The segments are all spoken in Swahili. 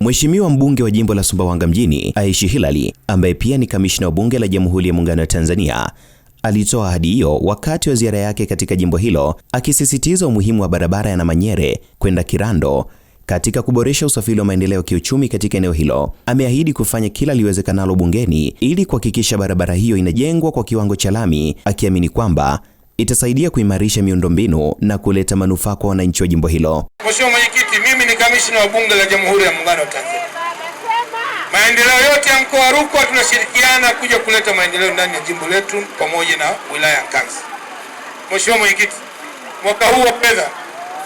Mheshimiwa mbunge wa jimbo la Sumbawanga mjini Aishi Hilali, ambaye pia ni kamishna wa bunge la Jamhuri ya Muungano wa Tanzania, alitoa ahadi hiyo wakati wa ziara yake katika jimbo hilo, akisisitiza umuhimu wa barabara ya Namanyere kwenda Kirando katika kuboresha usafiri wa maendeleo kiuchumi katika eneo hilo. Ameahidi kufanya kila liwezekanalo bungeni ili kuhakikisha barabara hiyo inajengwa kwa kiwango cha lami, akiamini kwamba itasaidia kuimarisha miundombinu na kuleta manufaa kwa wananchi wa jimbo hilo. Mheshimiwa Mwenyekiti, mimi ni kamishina wa Bunge la Jamhuri ya Muungano wa Tanzania. Maendeleo yote ya mkoa wa Rukwa tunashirikiana kuja kuleta maendeleo ndani ya jimbo letu pamoja na wilaya ya Nkasi. Mheshimiwa Mwenyekiti, mwaka huu wa fedha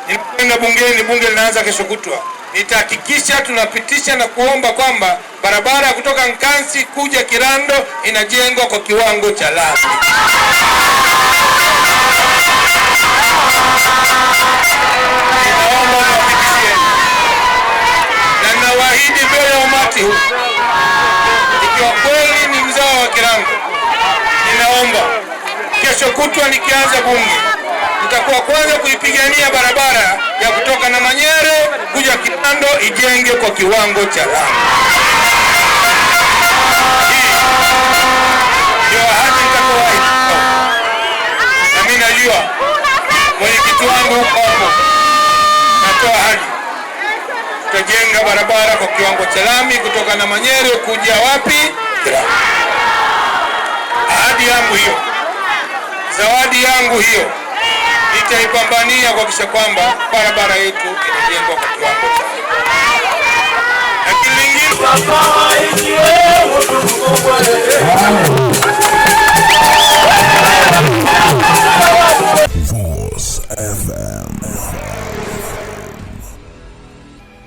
ninakwenda bungeni, bunge linaanza kesho kutwa, nitahakikisha tunapitisha na kuomba kwamba barabara ya kutoka Nkasi kuja Kirando inajengwa kwa kiwango cha lami. kuahidi mbele ya umati huu, ikiwa kweli ni mzao wa kirango ninaomba kesho kutwa nikianza bunge, nitakuwa kwanza kuipigania barabara ya kutoka na Manyere kuja Kitando ijenge kwa kiwango cha lami. najua mwenyekiti wangu huko natoa ahadi tumejenga barabara kwa kiwango cha lami kutoka na Manyere kuja wapi? Ahadi yangu hiyo, zawadi yangu hiyo nitaipambania kuhakikisha kwamba barabara yetu inajengwa kwa kiwango cha lami.